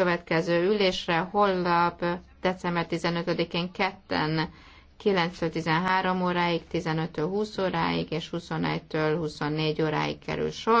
következő ülésre holnap december 15-én ketten 9-13 óráig, 15-20 óráig és 21-től 24 óráig kerül sor.